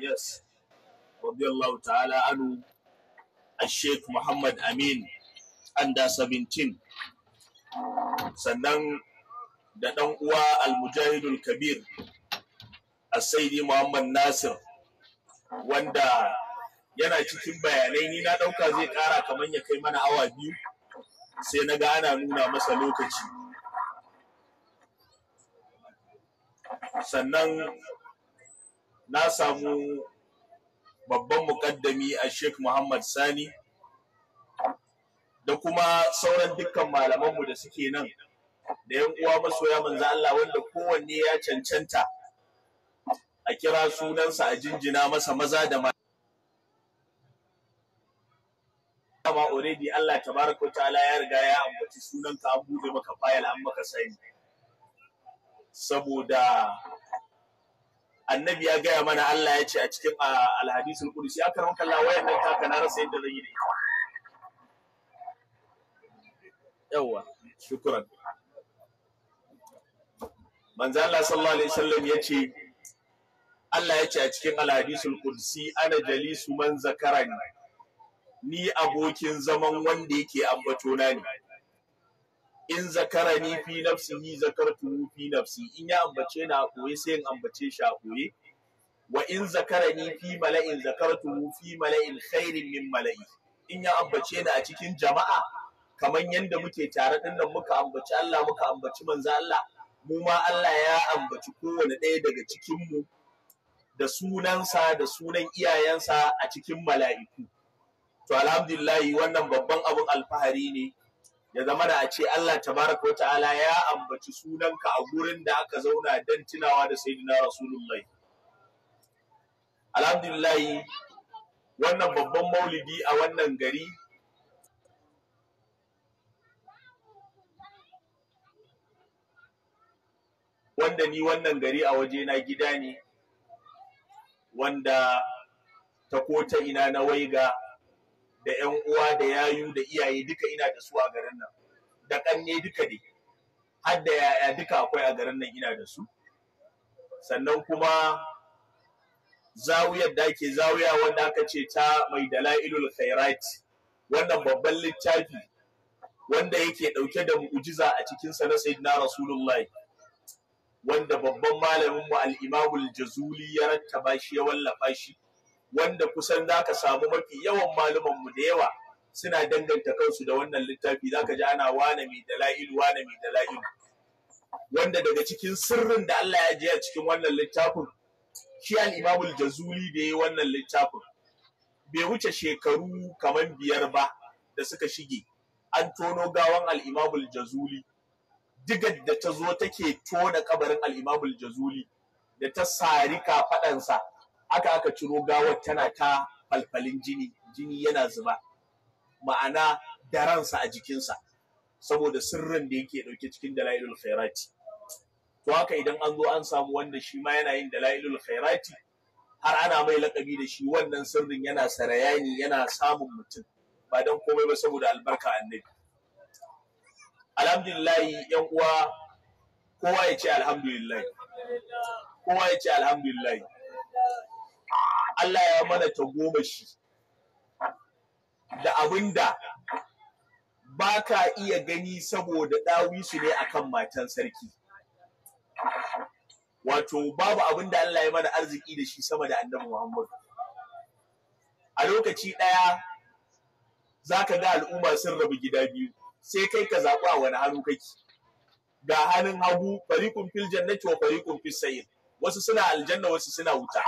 yes radiyallahu ta'ala anu Sheikh Muhammad Amin anda 17 sannan da ɗan uwa al-mujahidul kabir asaidi Muhammad Nasir wanda yana cikin bayanai ni na ɗauka zai ƙara kamar ya kai mana awa biyu sai na ga ana nuna masa lokaci sannan na samu babban mukaddami a Sheikh Muhammad Sani da kuma sauran dukkan malamanmu da suke nan da yan uwa masoya manzo Allah wanda kowanne ya cancanta a kira sunansa a jinjina masa maza da mata dama already Allah tabaraka ta'ala ya riga ya ambaci sunanka an buɗe maka fayil an maka sani saboda annabi ya gaya mana Allah ya ce a cikin alhadisul qudsi aka karan kallah wayan nan taka na rasa yadda zan yi da ita yawa shukran manzo Allah sallallahu alaihi wasallam ya ce Allah ya ce a cikin alhadisul qudsi ana jalisu man zakarani ni abokin zaman wanda yake ambato na ne in zakara ni fi ni zakartu fi nafsi in ya ambace na sai in ambace shi a koye wa in zakara ni fi mala'in zakartu fi mala'in khairin min mala'i in ya ambace ni a cikin jama'a kamar yadda muke tare din nan muka ambaci Allah muka ambaci manzo Allah mu ma Allah ya ambaci kowane ɗaya daga cikin mu da sunansa da sunan iyayensa a cikin mala'iku to alhamdulillah wannan babban abun alfahari ne ya zama da a ce Allah tabaraka ta'ala ya ambaci sunanka a gurin da aka zauna don tunawa da sayyidina rasulullahi alhamdulillah wannan babban maulidi a wannan gari wanda ni wannan gari a waje na gida ne wanda ta ko ta ina na waiga da yan uwa da yayu da iyaye duka ina da su a garin nan da kanne duka ne har da yaya duka akwai a garin nan ina da su sannan kuma zawiyar da ake zawiya wanda aka ce ta mai dala'ilul khairat wannan babban littafi wanda yake ɗauke da mu'jiza a cikin sa na sayyidina rasulullahi wanda babban malamin mu al-imamul jazuli ya rattaba shi ya wallafa shi wanda kusan za ka samu mafi yawan malumanmu da yawa suna danganta kansu da wannan littafi za ka ji ana wane mai dala'ilu wane mai dala'ilu wanda daga cikin sirrin da Allah ya je a cikin wannan littafin shi al-imamul jazuli da ya wannan littafin bai wuce shekaru kamar biyar ba da suka shige an tono gawan al-imamul jazuli digar da ta zo take tona kabarin al-imamul jazuli da ta sari kafadansa aka aka ciro gawar tana ta falfalin jini jini yana zuba ma'ana da ransa a jikinsa saboda sirrin da yake dauke cikin dalailul khairati to haka idan an zo an samu wanda shi ma yana yin dalailul khairati har ana mai lakabi da shi wannan sirrin yana sarayani yana samun mutum ba don komai ba saboda albarka annabi alhamdulillahi yan uwa kowa ya ce alhamdulillahi kowa ya ce alhamdulillahi Allah ya mana ta goma shi da abinda ba ka iya gani saboda ɗawisu ne akan matan sarki wato babu abinda Allah ya mana arziki da shi sama da annabi Muhammadu. a lokaci ɗaya za ka ga al'umma sun rabu gida biyu sai kai ka zaɓi a wani hannu kake ga hannun hagu fariƙun fil jannati wa fariƙun fil sayin. wasu suna aljanna wasu suna wuta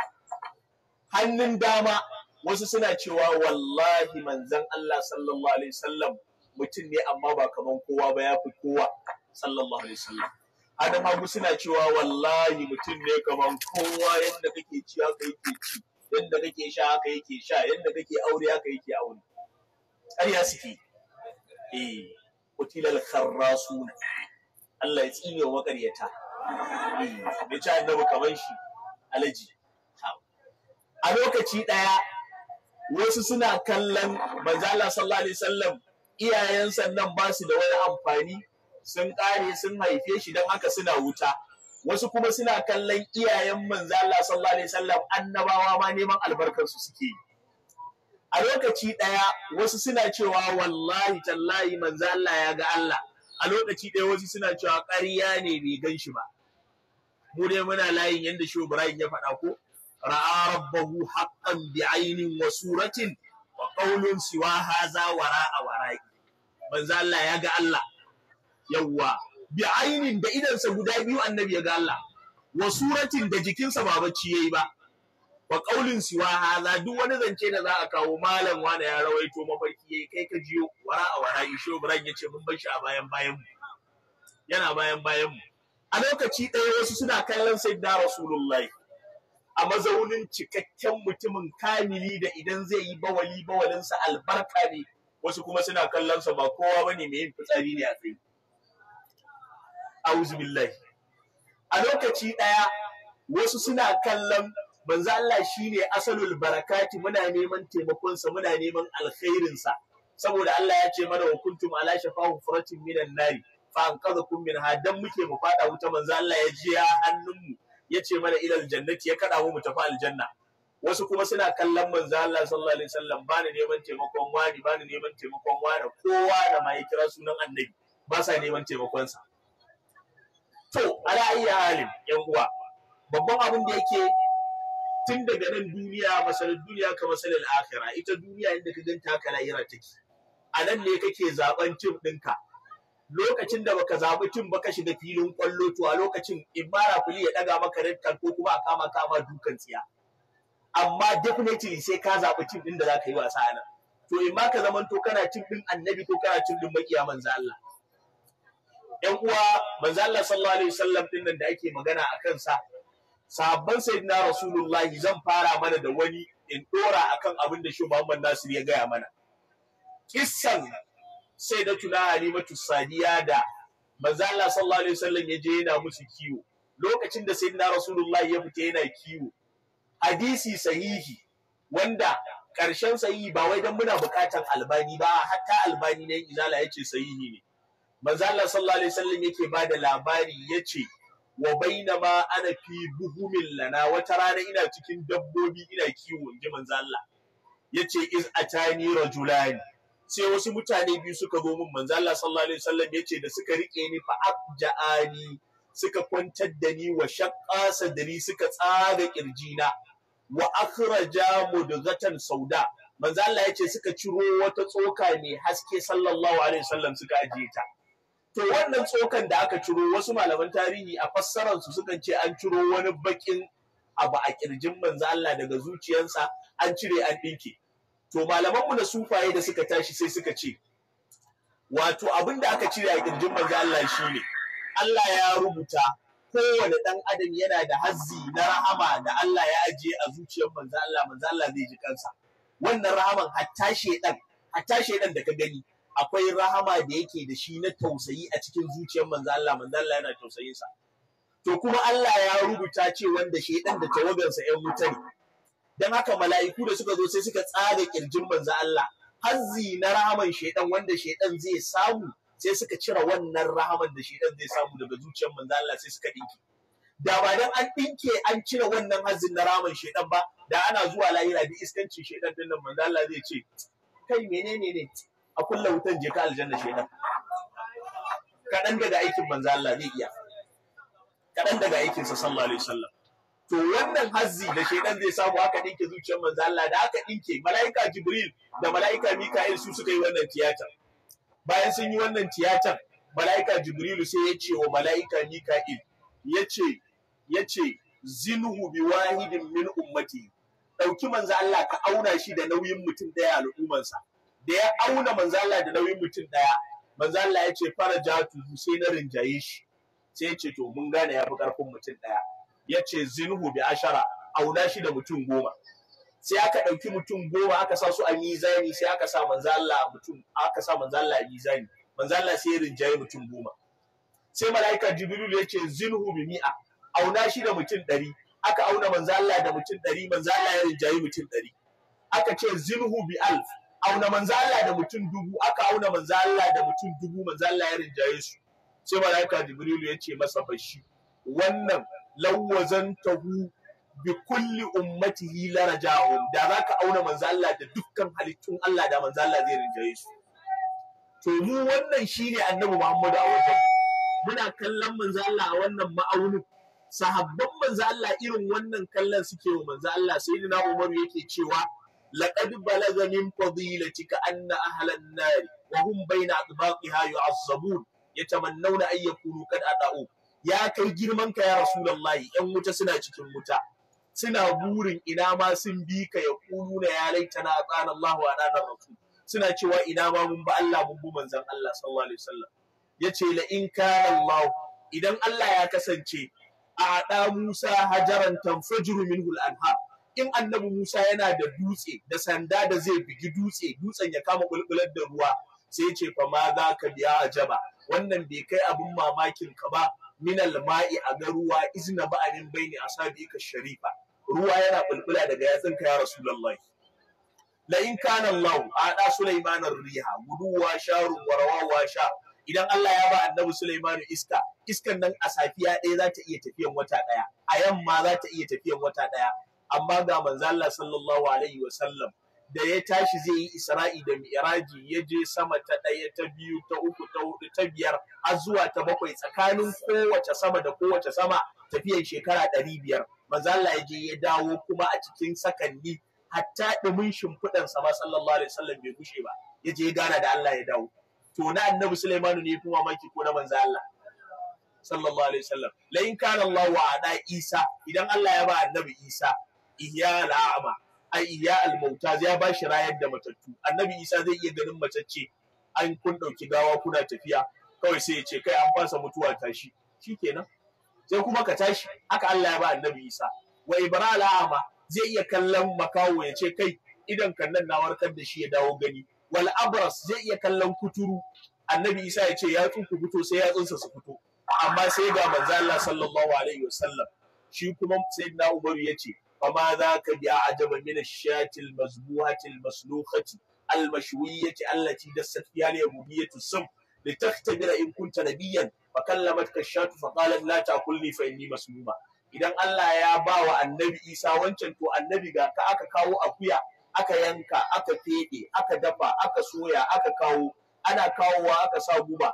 hannun dama wasu suna cewa wallahi manzan Allah sallallahu alaihi wasallam mutum ne amma ba kaman kowa ba ya fi kowa sallallahu alaihi wasallam Adam hagu suna cewa wallahi mutum ne kaman kowa yadda kake ci haka yake ci yadda kake sha haka yake sha yadda kake aure haka yake aure ƙarya suke eh kutilal kharrasuna Allah ya tsine wa ƙaryata eh bai ci annabi kaman shi alaji a lokaci ɗaya wasu suna kallon manzala sallallahu alaihi wasallam iyayensa nan ba su da wani amfani sun ƙare sun haife shi don haka suna wuta wasu kuma suna kallon iyayen manzala sallallahu alaihi wasallam annabawa ma neman albarkarsu suke a lokaci ɗaya wasu suna cewa wallahi tallahi manzala ya ga Allah a lokaci ɗaya wasu suna cewa ƙarya ne bai gan shi ba mu dai muna layin yadda shi Ibrahim ya faɗa ko ra'a rabbahu haqqan aynin wa suratin wa qawlun siwa haza wa wara'i manzo Allah ya ga Allah bi aynin da sa guda biyu annabi ya ga Allah wa suratin da jikinsa ba bacci yayi ba wa qaulin siwa hadha duk wani zance da za a kawo malam wani ya rawaito mafarki yayi kai ka jiyo wara a wara isho buran yace mun bar shi a bayan bayan mu yana bayan bayan mu a lokaci ɗaya wasu suna kallon sayyidina rasulullahi a mazaunin cikakken mutumin kamili da idan zai yi bawali bawalinsa albarka ne wasu kuma suna kallonsa ba kowa bane mai yin fitsari ne a tsaye auzu billahi a lokaci ɗaya wasu suna kallon manzo Allah shine asalul barakati muna neman taimakonsa muna neman alkhairinsa saboda Allah ya ce mana wa kuntum ala shafahu furatin minan nari fa min ha, dan muke mu fada wuta manzo Allah ya ji hannunmu ya ce mana ilal jannati ya kaɗa mu mu tafi aljanna wasu kuma suna kallon manzo Allah sallallahu alaihi wasallam ba ni neman taimakon wani ba ni neman taimakon wani kowa da ma kira sunan annabi ba sa neman taimakonsa to ala ayyi halin yan uwa babban abin da yake tun daga nan duniya masalar duniya ka masalar akhira ita duniya inda ka ganta ka lahira take a nan ne kake zaben tim ɗinka lokacin da baka zaɓi tim ba ka shiga filin kwallo to a lokacin in mara kuli ya ɗaga maka red ko kuma a kama kama dukan tsiya amma definitely sai ka zaɓi tim ɗin da za ka yi wasa a nan to in ma ka zamanto kana cin ɗin annabi ko kana cin ɗin maƙiya manzo Allah ƴan uwa manzo Allah sallallahu alaihi wasallam ɗin nan da ake magana a kansa sahabban sayyidina rasulullahi zan fara mana da wani in ɗora akan abin da shi Muhammad Nasir ya gaya mana Kisan. sai da tuna halimatu sadiya da manzo Allah sallallahu alaihi wasallam ya je yana musu kiwo lokacin da sayyidina rasulullah ya fita yana kiwo hadisi sahihi wanda karshen sahihi ba wai dan muna bukatan albani ba hatta albani ne izala yace sahihi ne manzo Allah sallallahu alaihi wasallam yake bada labari yace wa bainama ana fi buhumin lana wata rana ina cikin dabbobi ina kiwo inji manzo Allah yace iz atani rajulani sai wasu mutane biyu suka zo min manzo Allah sallallahu alaihi wasallam yace da suka rike ni fa abja'ani suka kwantar da ni wa da ni suka tsaga kirjina wa akhraja mudghatan sauda manzo Allah yace suka ciro wata tsoka mai haske sallallahu alaihi wasallam suka ajiye ta to wannan tsokan da aka ciro wasu malaman tarihi a fassarar su sukan ce an ciro wani bakin abu a kirjin manzo Allah daga zuciyarsa an cire an dinke to malamanmu da sufaye da suka tashi sai suka ce wato abin da aka cire a kirjin manzo Allah shine Allah ya rubuta kowane ɗan adam yana da hazzi na rahama da Allah ya ajiye a zuciyar manzo Allah manzo Allah zai ji kansa wannan rahaman hatta shedan hatta shedan da ka gani akwai rahama da yake da shi na tausayi a cikin zuciyar manzo Allah manzo Allah yana tausayinsa. to kuma Allah ya rubuta ce wanda shedan da tawagarsa 'yan wuta dan haka mala'iku da suka zo sai suka tsare kirjin manzo Allah hazzi na rahaman shedan wanda shedan zai samu sai suka cire wannan rahaman da shedan zai samu daga zuciyar manzo Allah sai suka dinki da ba dan an dinke an cire wannan hazzin na rahaman shedan ba da ana zuwa lahira bi iskancin shedan din nan manzo Allah zai ce kai menene ne a kulla wutan je ka aljanna shedan kadan daga aikin manzo Allah zai iya kadan daga aikinsa sallallahu alaihi wasallam to wannan hazzi da shaidan zai samu aka dinke zuciyar manzo Allah da aka dinke malaika Jibril da malaika Mika'il su suka yi wannan tiyatar bayan sun yi wannan tiyatar malaika Jibril sai ya ce wa malaika Mika'il ya ce ya ce zinuhu bi wahidin min ummati dauki manzo Allah ka auna shi da nauyin mutum daya sa. da ya auna manzo Allah da nauyin mutum daya manzo Allah ya ce farajatu sai na rinjaye shi sai ya ce to mun gane ya fi karfin mutum daya ya ce zinhu bi ashara auna shi da mutum goma sai aka ɗauki mutum goma aka sa su a mizani sai aka sa manzo Allah mutum aka sa manzo Allah a mizani manzo Allah sai ya rinjaye mutum goma sai malaika jibril ya ce zinhu bi mi'a auna shi da mutum ɗari aka auna manzo Allah da mutum ɗari manzo Allah ya rinjaye mutum ɗari aka ce zinhu bi alf auna manzo Allah da mutum dubu aka auna manzo Allah da mutum dubu manzo Allah ya rinjaye su sai malaika jibril ya ce masa bashi wannan lawwazantahu bi kulli ummatihi larajahum da zaka auna manzo Allah da dukkan halittun Allah da manzo Allah zai rinjaye su to mu wannan shine annabi Muhammadu a wajen muna kallon manzo Allah a wannan ma'aunin sahabban manzo Allah irin wannan kallon suke wa manzo Allah sayyidina Umar yake cewa laqad balaga min ka anna ahlan nar wa hum bayna adbaqiha yu'azzabun yatamannawna an yakunu qad ata'u ya kai girman ka ya rasulullahi yan wuta suna cikin wuta suna burin ina ma sun bi ka ya kulu na ya laita na tsana Allahu a ranar rasul suna cewa ina ma mun ba Allah mun bu manzon Allah sallallahu alaihi wasallam yace la in kana Allah idan Allah ya kasance a da Musa hajaran tanfajiru minhu al-anhar in annabi Musa yana da dutse da sanda da zai bugi dutse dutsen ya kama bulbular da ruwa sai ya ce fa ma za ka biya ajaba wannan bai kai abin mamakin ka ba min alma'i a ga ruwa izna ba'anin baini asabika sharifa ruwa yana bulbula daga yatsinka ya rasulullahi la in kana Allah ada Sulaiman riha guduwa sharu warawa sha idan Allah ya ba annabi Sulaiman iska iskan nan a safiya ɗaya za ta iya tafiyan wata ɗaya a yamma za ta iya tafiyan wata ɗaya amma ga manzo Allah sallallahu alaihi wa sallam da ya tashi zai yi isra'i da mi'raji ya je sama ta ɗaya ta biyu ta uku ta hudu ta biyar har zuwa ta bakwai tsakanin kowace sama da kowace sama tafiyan shekara ɗari biyar Maza Allah ya je ya dawo kuma a cikin sakanni hatta ɗumin shimfiɗan sa sallallahu alaihi wasallam bai gushe ba ya je ya gana da Allah ya dawo to na annabi Sulaimanu ne fi mamaki ko na manzo Allah sallallahu alaihi wasallam la in kana Allah wa ada Isa idan Allah ya ba annabi Isa ihya la'ama ya almauta ya ba shi rayar da matattu annabi isa zai iya ganin matacce an kun ɗauki gawa kuna tafiya kawai sai ya ce kai an fasa mutuwa tashi shikenan sai kuma ka tashi haka Allah ya ba annabi isa wa ibra al'ama zai iya kallon makawo ya ce kai idan kannan na warkar da shi ya dawo gani wal abras zai iya kallon kuturu annabi isa ya ce yatsun ku fito sai ya yatsunsa su fito amma sai ga manzo Allah sallallahu alaihi wasallam shi kuma sayyidina umaru ya ce فما ذاك بأعجب من الشاة المذبوحة المسلوخة المشوية التي دست فيها اليهودية السم لتختبر إن كنت نبيا فكلمتك الشاة فقالت لا تأكلني فإني مسمومة idan Allah ya ba wa annabi Isa wancan to annabi ga ka aka kawo akuya aka yanka aka feɗe aka dafa aka soya aka kawo ana kawowa aka sa guba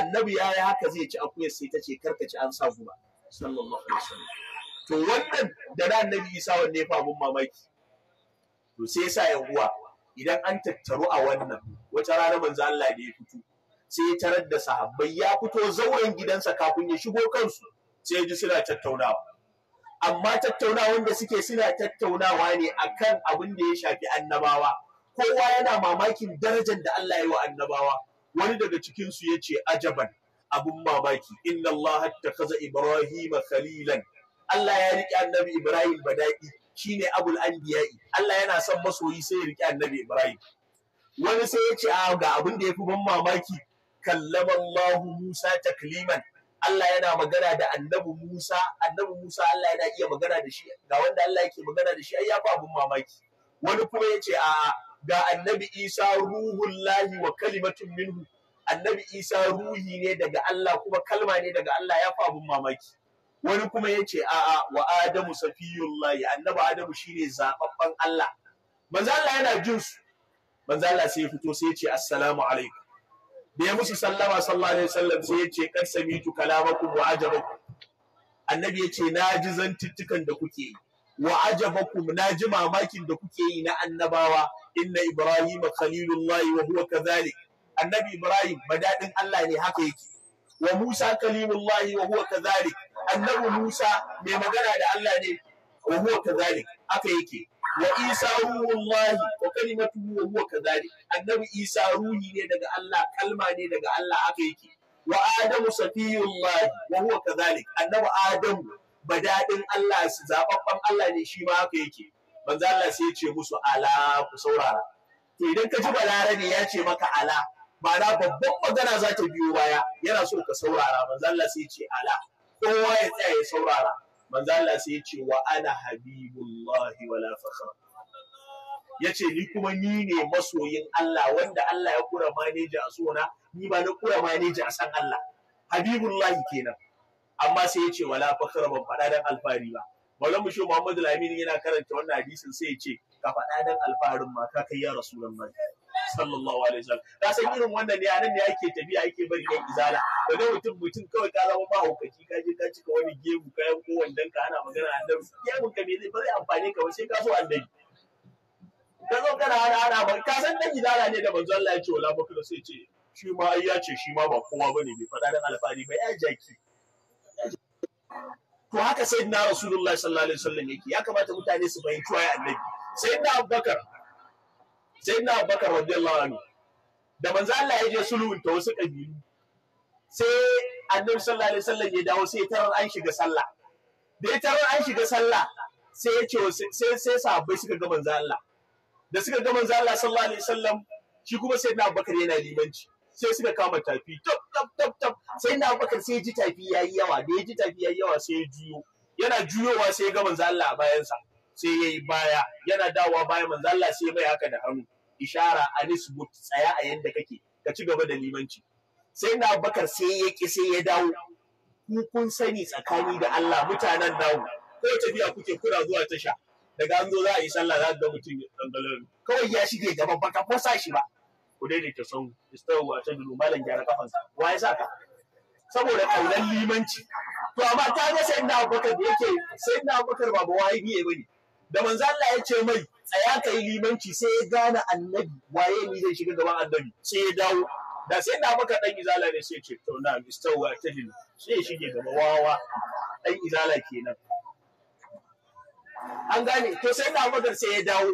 annabi ya yi haka zai ci akuyar sai ta ce karka ci an sa guba sallallahu alaihi wasallam to wannan da na annabi isa wanne ya famun mamaki to sai yasa yan uwa idan an tattaru a wannan wata rana manzo Allah da ya fito sai ya tarar da sahabbai ya fito zauren gidansa kafin ya shigo kansu sai ya ji suna tattaunawa amma tattaunawa da suke suna tattaunawa ne akan abin da ya shafi annabawa kowa yana mamakin darajar da Allah ya yi wa annabawa wani daga cikin su yace ajaban abun mamaki inna Allah kaza Ibrahim khalilan Allah ya riƙe annabi Ibrahim badaki ne abul anbiya'i Allah yana son masoyi sai ya riƙe annabi Ibrahim wani sai ya ce a ah, ga abin da ya fi ban mamaki Allahu Musa takliman Allah yana magana da annabi Musa annabi Musa Allah yana iya magana da shi ga wanda Allah yake magana da shi ai ya fi abin mamaki wani kuma ya ce a ga annabi Isa ruhullahi wa kalimatun minhu annabi Isa ruhi ne daga Allah kuma kalma ne daga Allah ya fi abin mamaki wani kuma ya ce a'a wa adamu safiyullahi annabi adamu shine zababban Allah manzo Allah yana jin su manzo Allah sai ya fito sai ya ce assalamu alaikum da ya musu sallama sallallahu alaihi wasallam sai ya ce kad samitu kalamakum wa ajabakum annabi ya ce na ji zantuttukan da kuke yi wa ajabakum na ji mamakin da kuke yi na annabawa inna ibrahima khalilullahi wa huwa kadhalik annabi ibrahim madadin Allah ne haka yake wa Musa kalimullahi wa huwa kadhalik annabi Musa mai magana da Allah ne wa huwa kadhalik haka yake wa Isa ruhullahi wa kalimatu wa huwa kadhalik annabi Isa ruhi ne daga Allah kalma ne daga Allah haka yake wa Adamu safiyullahi wa huwa kadhalik annabi Adam badadin Allah su, zababban Allah ne shi ma haka yake manzo Allah sai ya ce musu ala ku saurara to idan ka ji balarabe ya ce maka ala ma'ana babban magana za ta biyo baya yana so ka saurara manzo Allah sai ce ala kowa ya tsaya ya saurara manzo Allah sai ce wa ana habibullahi wala Ya ce ni kuma ni ne masoyin Allah wanda Allah ya kura manaja a sona ni ba na kura manaja a san Allah habibullahi kenan amma sai yace wala fakhra ban faɗa dan alfari ba Maulana Musho Muhammadu Lamini yana karanta wannan hadisin sai ya ce ka faɗa dan alfarin ma ka kai ya Rasulullahi sallallahu alaihi wasallam ka san irin wannan ne anan ne yake tafiya yake bari ne izala dai mutum mutum kawai ka zama ba hukaki ka je ka cika wani gemu ka yanko wandan ka ana magana annabi gemun ka bai zai amfane ka ba sai ka so annabi ka zo kana hana ana ba ka san dan izala ne da manzo Allah ya ce wala baka sai ce shi ma ai ya ce shi ma ba kowa bane bai faɗa dan alfahari ba ya jaki to haka sayyidina rasulullahi sallallahu alaihi wasallam yake ya kamata mutane su fahimci wai annabi sayyidina abubakar sai na bakar radiyallahu anhu da manzo Allah ya je sulhun ta wasu kabilu sai annabi sallallahu alaihi wasallam ya dawo sai tarar an shiga sallah da ya tarar an shiga sallah sai ya ce sai sai sahabbai suka ga manzo Allah da suka ga manzo Allah sallallahu alaihi wasallam shi kuma sai na bakar yana limanci sai suka kama tafi tap tap tap tap sai na bakar sai ji tafi yayi yawa da ya ji tafi yayi yawa sai ya juyo yana juyowa sai ya ga manzo Allah a bayansa sai ya yi baya yana dawowa bayan manzo Allah sai mai haka da hannu ishara a anisbut tsaya a yadda kake ka ci gaba da limanci sai na bakar sai ya ki sai ya dawo ku kun sani tsakani da Allah mutanen dawo ko tafiya kuke kura zuwa tasha daga an zo za a yi sallah za ga mutum ya dangalar kawai ya shige gaba baka fosa shi ba ku ta sau istawu a tadilu malam gyara kafansa wa ya saka saboda kaunar limanci to amma ta ga sai na bakar da yake sai na bakar ba ba wayi ne bane da manzo Allah ya ce mai tsaya ka yi limanci sai ya gane annabi waye ni zai shiga gaban annabi sai ya dawo da sai da maka dan izala ne sai ce to na mistawa ta din sai shige gaba wawa dan izala kenan an gane to sai da maka sai ya dawo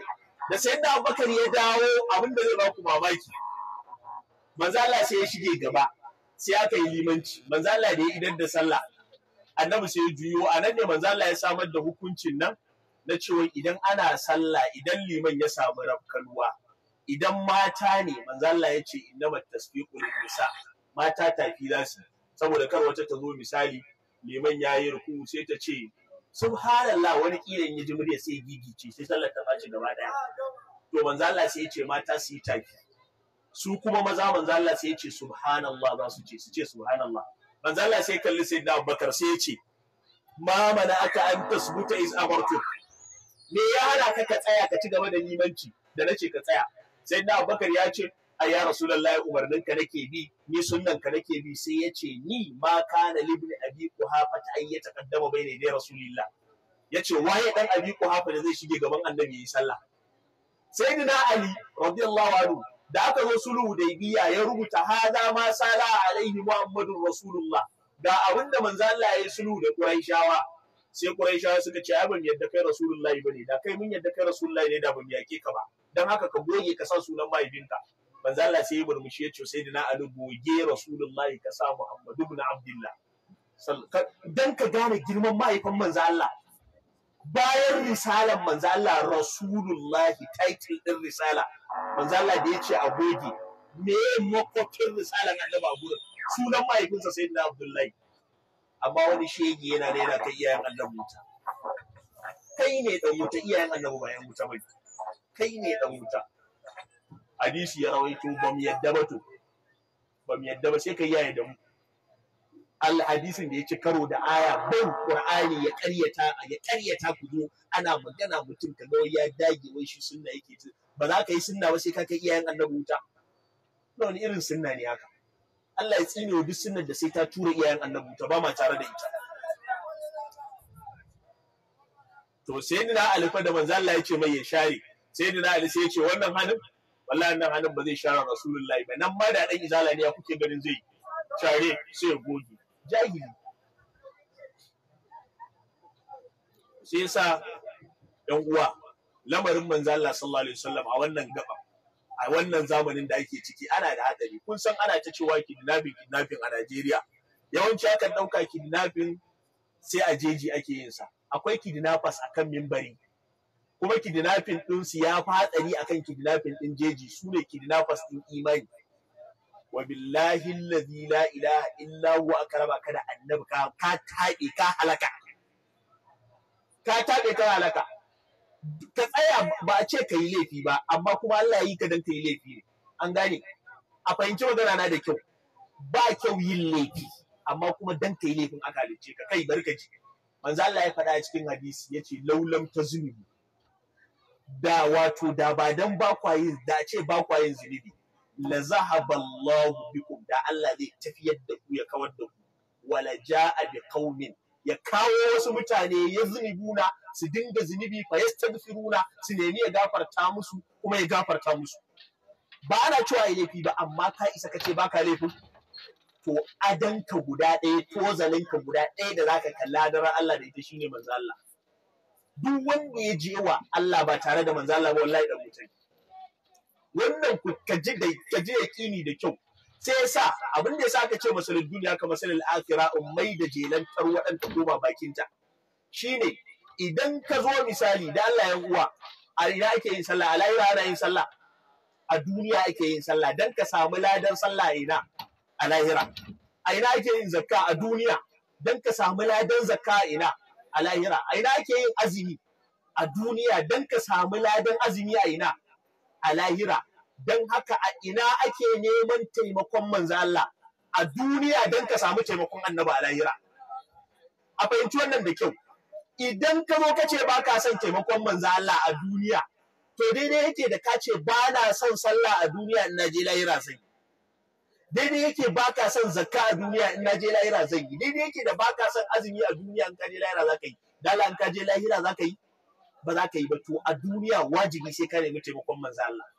da sai da maka ya dawo abin da zai ba ku mamaki manzala sai ya shige gaba sai aka yi limanci manzala da ya idan da sallah annabi sai ya juyo a nan ne manzala ya samar da hukuncin nan na cewa idan ana sallah idan liman ya samu rafkanuwa idan mata ne manzo Allah ya ce innama tasbiqu nisa mata tafi za su saboda kar wata ta zo misali liman ya yi ruku sai ta ce subhanallah wani kiran ya ji murya sai gigice sai sallar ta faci gaba daya to manzo Allah sai ya ce mata su yi tafi su kuma maza manzo Allah sai ya ce subhanallah za su ce su ce subhanallah manzo Allah sai kalli sayyidina Abubakar sai ya ce ma mana aka an tasbuta iz amartuk me ya hana ka ka tsaya ka ci gaba da limanci da nace ka tsaya sai na abubakar ya ce a ya rasulullahi umarnin ka nake bi ni sunnan ka nake bi sai ya ce ni ma kana libni abi kuhafa ta an taqaddama bayne da rasulillah ya ce waye dan abi kuhafa da zai shige gaban annabi yi sallah Sai na ali radiyallahu anhu da aka zo sulhu biya ya rubuta haza ma sala alaihi muhammadur rasulullah ga abinda manzo Allah ya yi sulhu da quraishawa sai quraisha suka ce ai ban yadda kai rasulullahi bane da kai mun yadda kai rasulullahi ne da ban yake ka ba dan haka ka goge ka sa sunan mahaifinka manzo Allah sai ya murmushi ya ce sai dina ali goge rasulullahi ka sa muhammad ibn abdullah dan ka gane girman mahaifin manzo Allah bayan risalan manzo Allah rasulullahi title din risala manzo Allah da ya ce a goge me makwacin risalan annabi gurin sunan mahaifinsa sayyidina abdullahi amma wani shege yana da yana iyayen allah wuta kai ne dan wuta iyayen allah ba yan wuta bai? kai ne dan wuta hadisi ya rawaito ba mu yadda ba to ba mu yadda ba sai kai yaya da mu al hadisin da ya ci karo da aya ban qur'ani ya karyata ya karyata ku zo ana magana mutum kaga ya dage wai shi sunna yake ba za ka yi sunna ba sai ka kai iyayen allah wuta wani irin sunna ne haka Allah ya tsine duk sunnar da sai ta tura iyayen annabi ta ba ma tare da ita to sai ni na alifa da manzo Allah ya ce mai ya share sai ni na ali sai ya ce wannan hannun wallahi nan ba zai share rasulullahi ba nan ma da dan izala ne ya kuke ganin zai share sai ya goge jahili sai yasa yan uwa lamarin manzo Allah sallallahu alaihi wasallam a wannan gaba a wannan zamanin da ake ciki ana da hadari kun san ana ta cewa kidnapping kidnapping a Najeriya yawanci akan ɗauka kidnapping sai a jeji ake yin sa akwai kidnappers akan mimbari kuma kidnapping din su ya fi hatsari akan kidnapping din jeji su ne kidnappers din imani wa billahi allazi la ilaha illa huwa akrama ka da annabi ka ka ka halaka ka ka halaka ka tsaya ba a ce ka yi laifi ba amma kuma Allah yi ka dan ka yi laifi ne an gane a fahimci magana na da kyau ba kyau yin laifi amma kuma dan ka yi laifin aka halice ka kai ka ji. manzo Allah ya faɗa a cikin hadisi yace laulam zunubi. da wato da ba dan ba kwayin da ce ba kwayin zunubi la zahaba Allah bikum da Allah zai tafiyar da ku ya kawar da ku wala a bi qaumin ya kawo wasu mutane ya zunubuna su dinga zunubi fa siruna, su nemi ya gafarta musu kuma ya gafarta musu ba ana cewa ya laifi ba amma ka isa ka ce baka laifin to adanka guda ɗaya zalinka guda ɗaya da zaka kalla da ran Allah da ita shine manzo Allah duk wanda ya je wa Allah ba tare da manzo Allah ba wallahi da wannan ku kaji da kaji yaqini da kyau sai ya sa abin da ya sa ka ce masalin duniya ka masalin akira ummai da jelantar waɗanta goma bakinta shine idan ka zo misali da Allah ya uwa a ina ake yin sallah a lahira ana yin sallah a duniya ake yin sallah dan ka samu ladan sallah a ina a lahira a ina ake yin zakka a duniya dan ka samu ladan zakka a ina a lahira a ina ake yin azumi a duniya dan ka samu ladan azumi a ina a lahira don haka a ina ake neman taimakon manzo Allah a duniya don ka samu taimakon annabi a lahira a fahimci wannan da kyau idan ka zo ka ce ba ka son taimakon manzo Allah a duniya to daidai yake da ka ce ba na son sallah a duniya in na je lahira zan yi daidai yake ba ka son zakka a duniya in na je lahira zan yi daidai yake da ba ka son azumi a duniya in ka je lahira za ka yi dala in ka je lahira za ka yi ba za ka yi ba to a duniya wajibi sai ka nemi taimakon manzo Allah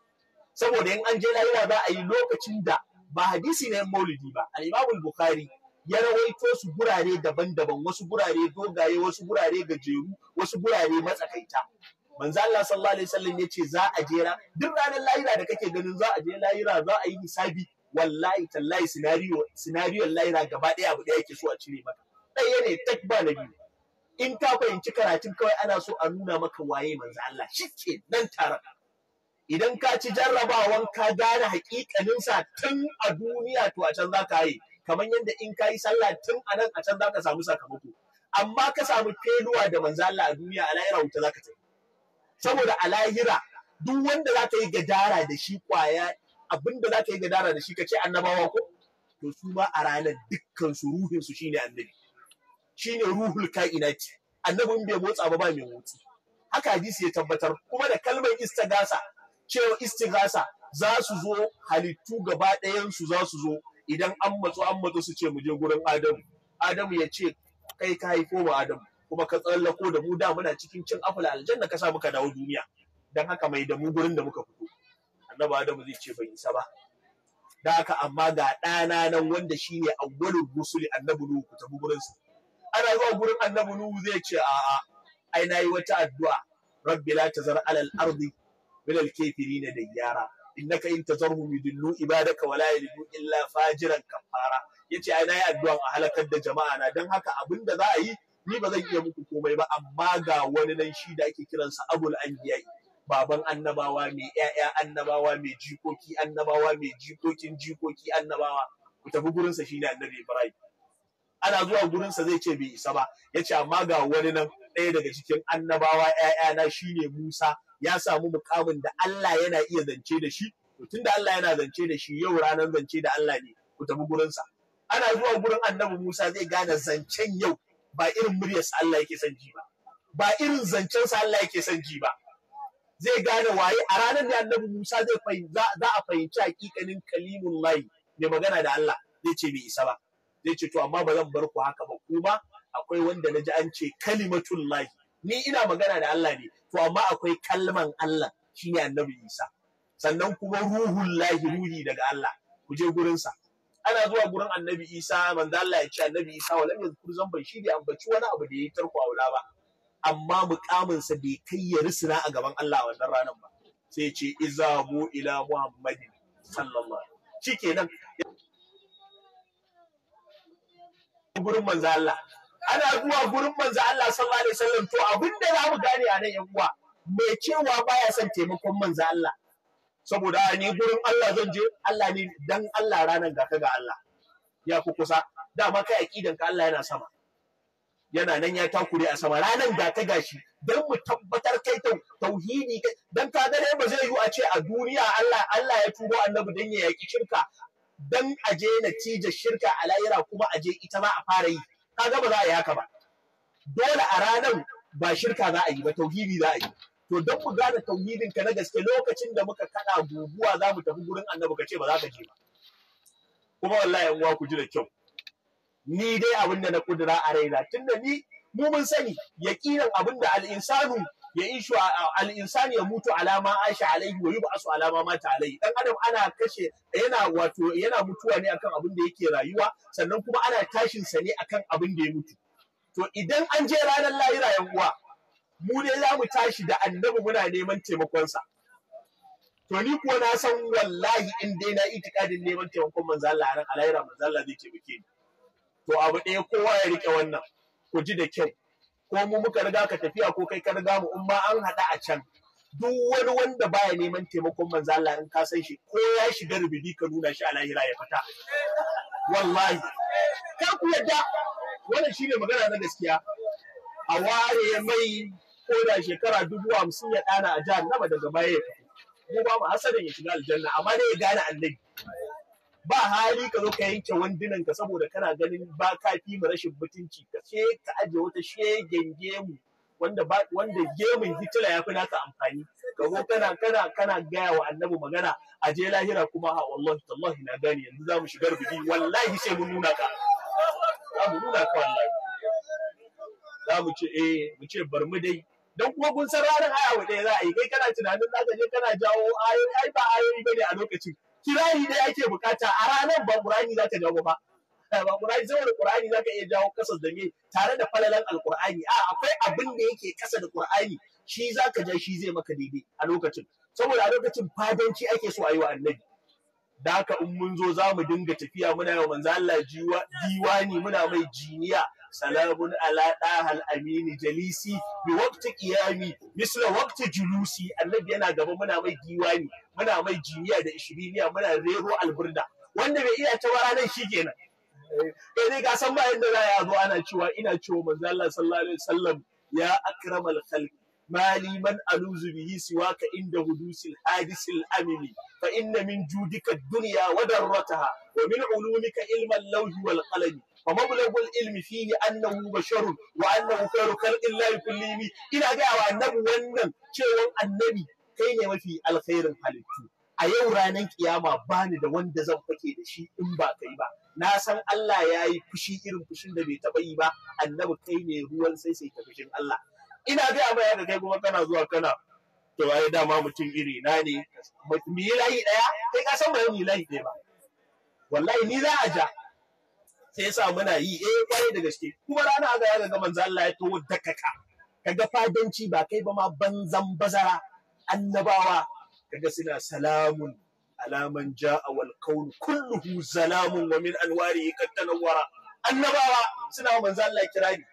saboda in an je lahira za a yi lokacin da ba hadisi na 'yan maulidi ba alimamul bukhari ya rawaito su gurare daban-daban wasu gurare dogaye wasu gurare gajeru wasu gurare matsakaita manzo Allah sallallahu alaihi wasallam ce za a jera duk ranar lahira da kake ganin za a je lahira za a yi hisabi wallahi tallahi scenario scenario lahira gaba daya abu da yake so a cire maka ɗaya ne tak ba na biyu in ka fahimci karatun kawai ana so a nuna maka waye manzo Allah shi ke nan tare idan ka ci jarrabawan ka gane hakikaninsa tun a duniya to a can za ka yi kamar yadda in ka yi sallah tun a nan a can za ka samu sakamako amma ka samu feluwa da manzo Allah a duniya a lahira wuta za ka tafi saboda a lahira duk wanda za ka yi gadara da shi kwaya abinda za ka yi gadara da shi ka ce annabawa ko to su ma a ranar dukkan su ruhin su shine annabi shine ruhul kainati annabin bai motsa ba ba mai motsi haka hadisi ya tabbatar kuma da kalmar istigasa cewa istighasa za su zo halittu gaba ɗayan su za su zo idan an matsu an matsu su ce mu je gurin Adamu Adamu ya ce kai ka haifo mu Adamu kuma ka tsallako da mu da muna cikin cin afala aljanna ka sa muka dawo duniya dan haka mai da mu gurin da muka fito annabi Adamu zai ce bai isa ba da haka amma ga ɗana nan wanda shi shine awwalul rusuli annabi Nuhu ku tafi gurin ana zuwa gurin annabi Nuhu zai ce a'a ai nayi wata addu'a rabbi la tazar alal ardi من الكافرين kafirin da إن innaka يدلوا إبادك ولا ibadaka wala فاجرا illa fajiran kafara yace ana yi addu'an a halakar da jama'a na dan haka abinda za ni ba zan iya muku komai ba amma ga wani nan shi da ake kiran kiransa abul anbiya'i baban annabawa mai ƴaƴa annabawa mai jikoki annabawa mai jikokin jikoki annabawa ku tafi gurinsa shine annabi ibrahim ana zuwa gurinsa zai ce bai isa ba yace amma ga wani nan ɗaya daga cikin annabawa ‘ya'yana shine Musa ya samu mukamin da Allah yana iya zance da shi to tun da Allah yana zance da shi yau ranar zance da Allah ne ku tafi gurinsa ana zuwa gurin annabi Musa zai gane zancen yau ba irin muryarsa Allah yake son ji ba ba irin zancen sa Allah yake son ji ba zai gane waye a ranar da annabi Musa zai za a fahimci hakikanin kalimun layi mai magana da Allah zai ce bai isa ba zai ce to amma ba zan bar ku haka ba kuma akwai wanda na ji an ce kalimatun layi. ni ina magana da Allah ne to amma akwai kalman Allah shine annabi Isa sannan kuma ruhun lahi ruhi daga Allah ku je gurinsa ana zuwa gurin annabi Isa manzo Allah ya ce annabi Isa walam kurzan bai shi bai ambaci wani abu da ya yi tarko a wula ba amma mukamin bai kai ya risina a gaban Allah a wannan ranar ba sai ce izabu ila muhammadin sallallahu alaihi shikenan gurin manzo Allah ana zuwa gurin manzo Allah sallallahu alaihi wasallam to abin da za mu gane a nan yan uwa mai cewa baya son taimakon manzo Allah saboda ni gurin Allah zan je Allah ne dan Allah ranan ga ga Allah ya ku kusa dama kai aqidan ka Allah yana sama yana nan ya takure a sama ranan ga ta gashi dan mu tabbatar kai tauhidi kai dan ka gane ba zai yi a ce a duniya Allah Allah ya turo annabi dan ya yaki shirka dan aje natijar shirka a layira kuma aje ita ma a fara yi kaga ba za a yi haka ba dole a ranar ba shirka za a yi ba tauhidi za a yi to don mu gane tauhidin ka na gaske lokacin da muka kada guguwa za mu tafi gurin annabi ka ce ba za ka je ba kuma wallahi yan uwa ku ji da kyau ni dai abin na kudura a raina tunda ni mu mun sani yaqinan abin da al-insanu ya inshu al-insani ya mutu alama aisha alaihi wa asu alama mata alaihi dan adam ana kashe yana wato yana mutuwa ne akan abin da yake rayuwa sannan kuma ana tashin sa ne akan abin da ya mutu to idan an je ranar lahira yan uwa mu ne za mu tashi da annabi muna neman taimakon sa to ni kuwa na san wallahi in dai na itikadin neman taimakon manzo Allah ran alaira manzo Allah zai taimake ni to abu ɗaya kowa ya rike wannan ku ji da kyau ko mu muka riga ka tafiya ko kai ka riga mu in ma an haɗa a can duk wani wanda baya neman taimakon manzo Allah in ka san shi ko ya shiga rubidi ka nuna shi a lahira ya fita wallahi kar ku yadda wannan shine magana na gaskiya a ware mai ko da shekara dubu hamsin ya ɗana a jihar nama daga baya ya tafi? mu ba mu ya shiga aljanna amma dai ya gane annabi ba hali ka zo ka yanke wandunan ka saboda kana ganin ba ka fi mu rashin mutunci ka ce ka aje wata shegen gemu wanda ba wanda gemun hitila ya fi naka amfani ka zo kana kana kana gaya wa annabi magana a je lahira kuma ha wallahi tallahi na gane yanzu za mu shigar biki wallahi sai mun nuna ka za mu nuna ka wallahi za mu ce eh mu ce bar mu dai don kuma kun san ranar aya ɗaya za a yi kai kana tunanin za ka je kana jawo ayoyi ai ba ayoyi bane a lokacin kirari da ake bukata a ranar ba Qur'ani zaka jawo ba ba Qur'ani saboda Qur'ani zaka iya jawo kasa da me tare da falalan alkur'ani a akwai abin da yake kasa da Qur'ani shi zaka ja shi zai maka daidai a lokacin saboda a lokacin fadanci ake so a yi wa annabi da haka in mun zo za mu dinga tafiya muna yawan manzo Allah diwani muna mai jiniya salamun ala dahal amini jalisi bi waqti qiyami misla waqti julusi annabi yana gaba muna mai diwani muna mai jiniya da ishiriniya muna rero alburda wanda bai iya tawara nan shi kenan eh dai ga san ba yadda za a zo ana cewa ina cewa manzo Allah sallallahu alaihi wasallam ya akramal khalq mali man aluzu bihi siwaka inda hudusil hadisil amili fa inna min judika dunya wa wa min ulumika ilma al-lawhi wal qalami fa mablaghu al-ilmi fihi annahu basharun wa annahu khairu khalqi Allah kullihi ina ga wa annabi wannan cewa annabi kai ne mafi alkhairin halittu a yau ranar kiyama ba ni da wanda zan fake da shi in ba kai ba na san Allah ya yi fushi irin fushin da bai taɓa yi ba annabi kai ne ruwan sai sai ta fushin Allah ina ga amma ya kai kuma kana zuwa kana to ai dama mutum iri na ne mu yi layi daya kai ka san ba yi layi ɗaya ba wallahi ni za a ja sai yasa muna yi eh kwarai da gaske kuma rana ga ya ga manzo Allah ya to Ka kaga fadanci ba kai ba ma banzan bazara annabawa kaga suna salamun alaman ja'a wal kaun kulluhu salamun wa min anwarihi qad annabawa suna manzo Allah kirari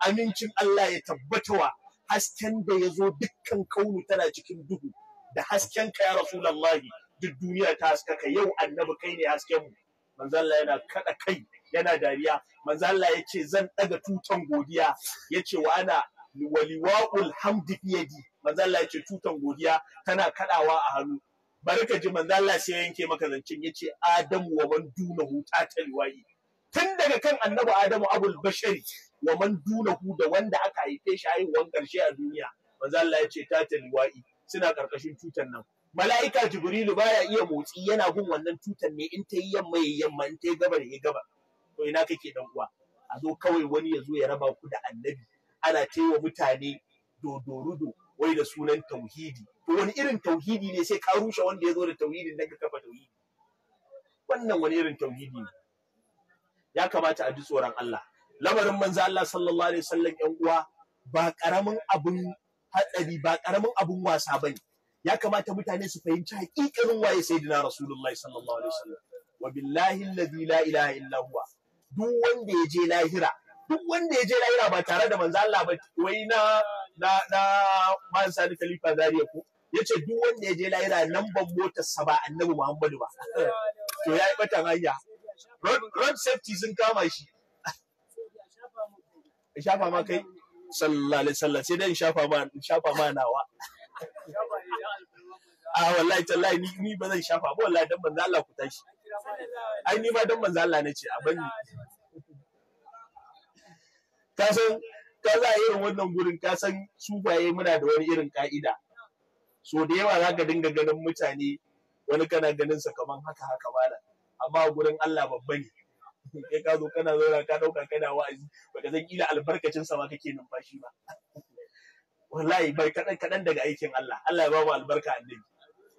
amincin Allah ya tabbatawa hasken da ya zo dukkan kaunu tana cikin duhu da hasken ka ya rasulullahi duk duniya ta haskaka yau annabi kai ne hasken mu manzo Allah yana kada kai yana dariya manzo Allah yace zan daga tutan godiya yace wa ana waliwa'ul hamdi fi yadi manzo ya ce tutan godiya tana kaɗawa a hannu bari ji manzo Allah sai ya yanke maka zancen ce Adamu wa man hu ta liwayi tun daga kan annabi Adamu abul bashari wa man hu, da wanda aka haife shi haihuwan karshe a duniya manzo Allah ya ce ta liwayi suna karkashin tutan nan mala'ika jibrilu baya iya motsi yana gun wannan tutan ne in ta yi yamma ya yamma in ta yi gabar ya gabar to ina kake dan uwa a zo kawai wani ya zo ya raba ku da annabi ana ta wa mutane dodorudo wai da sunan tauhidi to wani irin tauhidi ne sai ka rushe wanda ya zo da tauhidin da ka kafa tauhidi wannan wani irin tauhidi ne ya kamata a ji tsoron Allah lamarin manzo Allah sallallahu alaihi wasallam yan uwa ba karamin abun hatsari ba karamin abun wasa bane ya kamata mutane su fahimci hakikarin waye sayyidina rasulullahi sallallahu alaihi wasallam wa billahi alladhi la ilaha illa huwa duk wanda ya je lahira duk wanda ya lahira ba tare da manzo Allah ba wai na na na man sani khalifa zariya ko Ya ce duk wanda ya je lahira lambar motar sa ba annabi muhammadu ba to ya yi batan hanya road safety sun kama shi in shafa ma kai sallallahu alaihi wasallam sai dai in shafa ma in shafa ma nawa a wallahi tallahi ni ni ba zan shafa ba wallahi dan manzo Allah ku tashi ai ni ma dan manzo Allah ce a bani ka san ka za a irin wannan gurin ka san sufaye muna da wani irin ka'ida so da yawa za ka dinga ganin mutane wani kana ganin sa kaman haka haka da, amma gurin Allah babba ne kai ka zo kana zauna ka dauka kana wa'azi baka san kila albarkacin sa ma kake numfashi ba wallahi bai kadan kadan daga aikin Allah Allah ya ba mu albarka annabi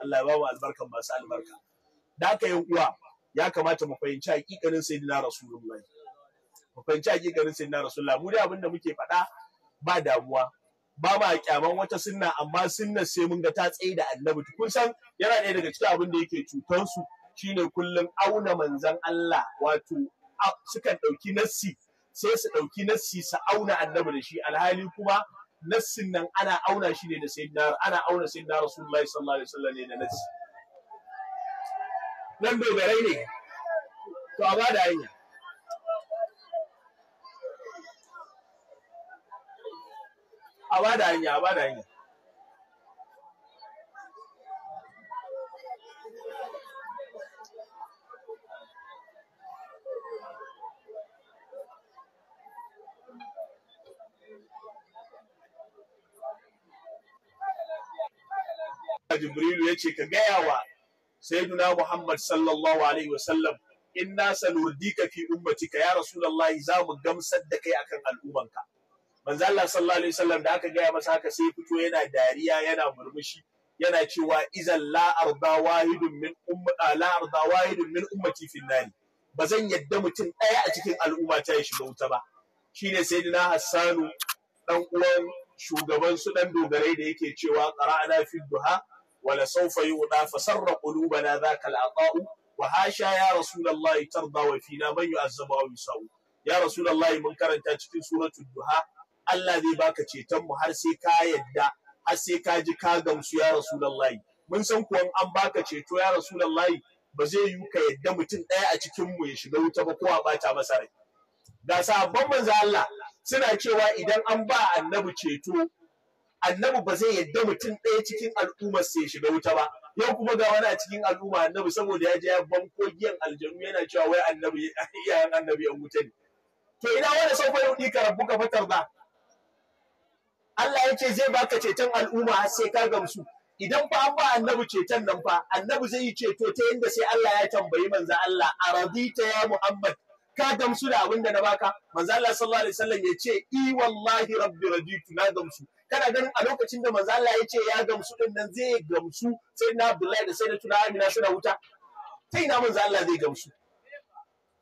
Allah ya ba mu albarkan masu albarka da ka yi uwa ya kamata mu fahimci hakikanin sayyidina rasulullahi ku fahimci hakikarin sunna rasulullah mu dai abinda muke faɗa ba damuwa ba ma kyaman wata sunna amma sunna sai mun ga ta tsaye da annabi kun san yana ɗaya daga cikin abin da yake cutar su shine kullum auna manzon Allah wato sukan ɗauki nassi sai su ɗauki nassi su auna annabi da shi alhali kuma nassin nan ana auna shi ne da sayyidina ana auna sayyidina rasulullahi sallallahu alaihi wasallam ne da nassi nan dogarai ne to a bada da hanya a bada hanya a bada hanya Jibrilu ya ce ka gaya wa Sayyiduna Muhammad sallallahu Alaihi wasallam in na sanurdika fi ummatika ya Rasulallah za mu gamsar da kai akan al'ummanka. manzo Allah sallallahu alaihi wasallam da aka gaya masa haka sai fito yana dariya yana murmushi yana cewa izan la arda wahidun min umma la arda wahidun min ummati fi nari ba zan yadda mutum ɗaya a cikin al'umma ta ya shiga wuta ba shine sayyidina hassanu dan uwan shugaban su dan dogarai da yake cewa qara'ana fi duha wala sawfa yuda fasarra qulubana dhaka al'ata'u wa hasha ya rasulullahi tarda wa fina man yu'azzabu wa yusau ya rasulullahi mun karanta cikin suratul duha Allah zai baka ceton mu har sai ka yadda har sai ka ji ka gamsu ya rasulullahi mun san kuwan an baka ceto ya rasulullahi ba zai yi ka yadda mutum ɗaya a cikin mu ya shiga wuta ba ko a bata masa rai da sabon manzo Allah suna cewa idan an ba annabi ceto annabi ba zai yadda mutum ɗaya cikin al'ummar sai ya shiga wuta ba yau kuma ga wani a cikin al'umma annabi saboda ya je ya ban giyan aljanu yana cewa wai annabi iyayen annabi ya wuta ne to ina wani sau fa yau ɗi ka rabbuka fatar da Allah ya ce zai baka ceton al'umma har sai ka gamsu idan fa an ba annabi ceton nan fa annabi zai yi ceto ta yadda sai Allah ya tambayi manzo Allah aradita ya Muhammad ka gamsu da abin da na baka manzo Allah sallallahu alaihi wasallam ya ce i wallahi rabbi raditu na gamsu kana ganin a lokacin da manzo Allah ya ce ya gamsu din nan zai gamsu sai na Abdullahi da sai na tuna Amina suna wuta sai na manzo Allah zai gamsu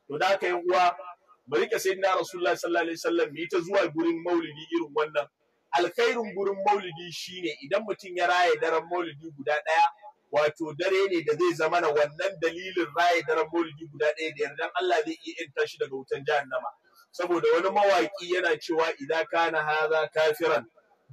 to da haka yi uwa mu rike sayyidina Rasulullahi sallallahu alaihi wasallam yi ta zuwa gurin maulidi irin wannan alkhairin gurin maulidi shine idan mutum ya raya daren maulidi guda ɗaya wato dare ne da zai zama na wannan dalilin raya daren maulidi guda ɗaya da yardan Allah zai iya yanta tashi daga wutan jahannama saboda wani mawaki yana cewa idan kana haza kafiran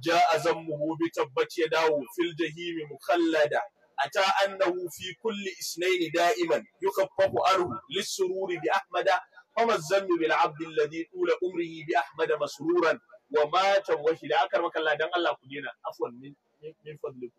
ja'a mu bi tabbaci ya dawo fil jahimi mukhallada ata annahu fi kulli isnaini da'iman yukaffafu anhu lis-sururi bi ahmada fama zannu bil 'abdi alladhi tula umrihi bi ahmada masruran wa matan aka akar makalla dan Allah ku dena afwan min min fadli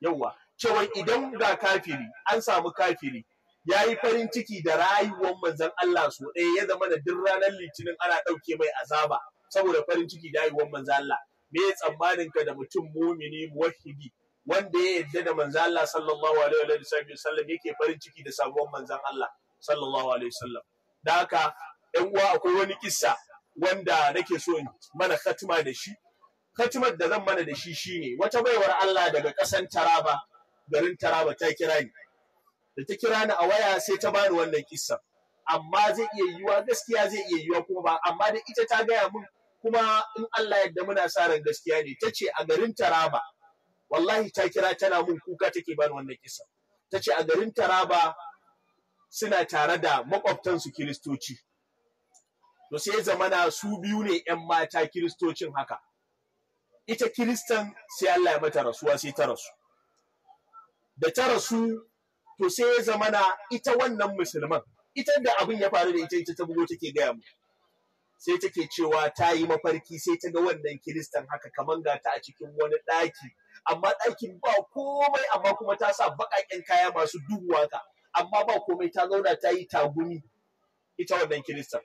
yawa cewa idan ga kafiri an samu kafiri yayi farin ciki da rayuwar manzon Allah so ɗaya ya zama da duk ranar litinin ana ɗauke mai azaba saboda farin ciki da rayuwar manzon Allah me tsammanin ka da mutum mumini muwahhidi wanda ya yadda da manzon Allah sallallahu alaihi wa sallam yake farin ciki da sabuwar manzon Allah sallallahu alaihi wa sallam da haka 'yan uwa akwai wani kissa wanda nake so in mana khatima da shi khatimar da zan mana da shi shine wata baiwar Allah daga ƙasan Taraba garin Taraba ta kira ni da ta kira ni a waya sai ta bani wannan kissa amma zai iya yiwa gaskiya zai iya yiwa kuma ba amma da ita ta gaya mun kuma in Allah yadda muna sa ran gaskiya ne ta ce a garin Taraba wallahi ta kira tana mun kuka take bani wannan kissa ta ce a garin Taraba suna tare da makwabtansu Kiristoci to sai zamana su biyu ne yan mata kiristocin haka ita kiristan sai Allah ya mata rasuwa sai ta rasu da ta rasu to sai zamana ita wannan musulman ita da abin ya faru da ita ita ta bugo take gaya mu sai take cewa ta yi mafarki sai ta ga wannan kiristan haka kaman ga ta a cikin wani ɗaki amma ɗakin ba komai amma kuma ta sa baƙaƙen kaya masu duhu haka, amma ba komai ta zauna ta yi tagumi ita wannan kiristan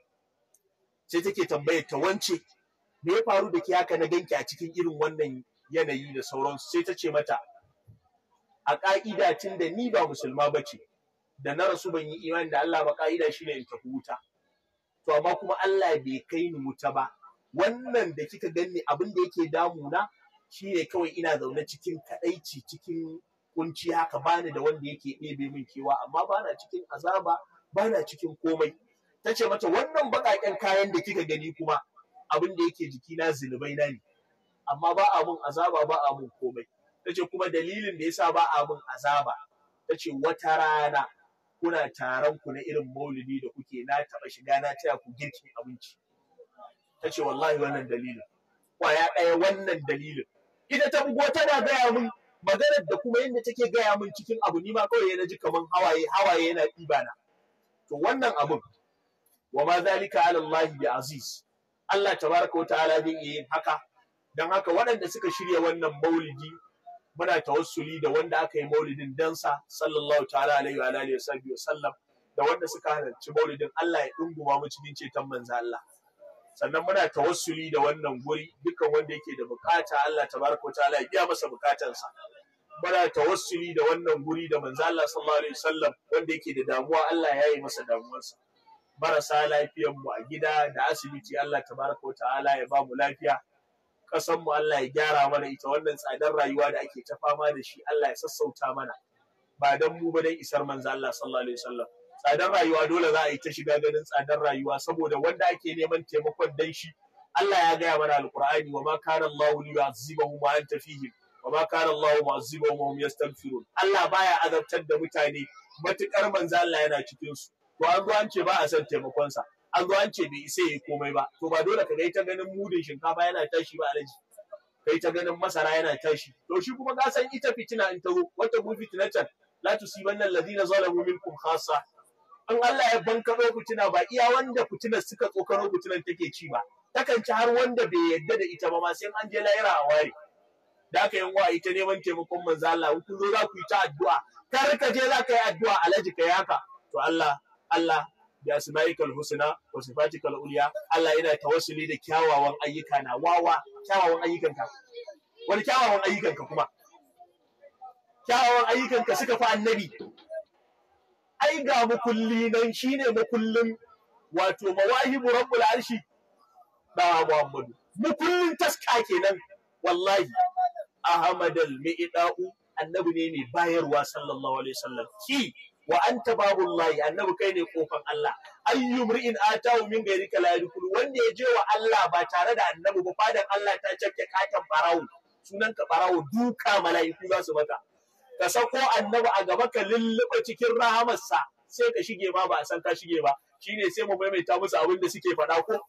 sai take tambayar ta wance me ya faru da ke haka na ganki a cikin irin wannan yanayi da sauransu sai ta ce mata a ka'ida tun da ni ba musulma ba ce da na rasu ban yi imani da Allah ba ƙa'ida shine in tafi wuta to amma kuma Allah bai kai ni wuta ba wannan da kika ganni abin da yake damuna shine kawai ina zaune cikin kadaici cikin kunci haka bani da wanda yake ɗebe min kewa amma bana cikin azaba bana cikin komai ta ce mata wannan baƙaƙen kayan da kika gani kuma abin da yake jikina zulubai na ne amma ba a mun azaba ba a mun komai ta ce kuma dalilin da yasa ba a mun azaba ta ce wata rana kuna taron ku na irin maulidi da kuke na taɓa shiga na taya ku girki abinci ta ce wallahi wannan dalilin kwaya ɗaya wannan dalilin ita ta bugo tana gaya min maganar da kuma yadda take gaya mun cikin abu ni ma kawai na ji kamar hawaye hawaye yana ɗiba na to wannan abun wa ma zalika ala Allah bi aziz Allah tabaraka wa ta'ala zai yin haka dan haka waɗanda suka shirya wannan maulidi muna tawassuli da wanda aka yi maulidin dansa sallallahu ta'ala alaihi wa alihi wa sallam da wanda suka halarci maulidin Allah ya dunguma mu cikin ceton manzo Allah sannan muna tawassuli da wannan guri dukkan wanda yake da bukata Allah tabaraka wa ta'ala ya biya masa bukatansa muna tawassuli da wannan guri da manzo Allah sallallahu alaihi Sallam, wanda yake da damuwa Allah ya yi masa damuwarsa marasa lafiyar mu a gida da asibiti Allah tabaraka wa ta'ala ya ba mu lafiya ƙasar mu Allah ya gyara mana ita wannan tsadar rayuwa da ake ta fama da shi Allah ya sassauta mana ba dan mu ba dan isar manzo Allah sallallahu alaihi wasallam tsadar rayuwa dole za a yi ta shiga ganin tsadar rayuwa saboda wanda ake neman taimakon dan shi Allah ya gaya mana alqur'ani wa ma kana Allah liyu'azzibahum wa anta fihim wa ma kana Allah mu'azzibahum wa hum yastaghfirun Allah baya azabtar da mutane matukar manzo Allah yana cikin su to an ce ba a son taimakonsa an ce bai isa yi komai ba to ba dole ka ga ta ganin mudin shinkafa yana tashi ba alaji kai ta ganin masara yana tashi to shi kuma ka san ita fitina in ta wata fitina can la tusibanna alladhina zalamu minkum khassa An Allah ya bankaro fitina ba iya wanda fitinar suka tsokaro fitinar take ci ba takan ci har wanda bai yadda da ita ba ma sai an je lahira a ware da aka yin wa'ayi ta neman taimakon manzo Allah ku zo za ku yi ta addu'a kar ka je za ka yi addu'a alaji ka yaka to Allah Allah bi asma'ikal husna wa sifatikal ulya Allah yana tawassuli da kyawawan ayyuka na wawa kyawawan ayyukanka wani kyawawan ayyukanka kuma kyawawan ayyukanka suka fi annabi ai ga makulli nan shine makullin wato mawahibu rabbul arshi da Muhammadu makullin taska kenan wallahi ahmadal mi'da'u annabi ne mai bayarwa sallallahu alaihi wasallam ki wa anta babullahi annabi kai ne kofan Allah ayyu mri'in atahu min ghairi kala yadkhul wanda ya je wa Allah ba tare da annabi ba fadan Allah ta cakke katan barawo sunan ka barawo duka mala'iku za su mata ka sako annabi a gaba ka lulluɓa cikin rahamarsa sai ka shige ba, ba a san ka shige ba shine sai mu maimaita musu abin da suke faɗa ko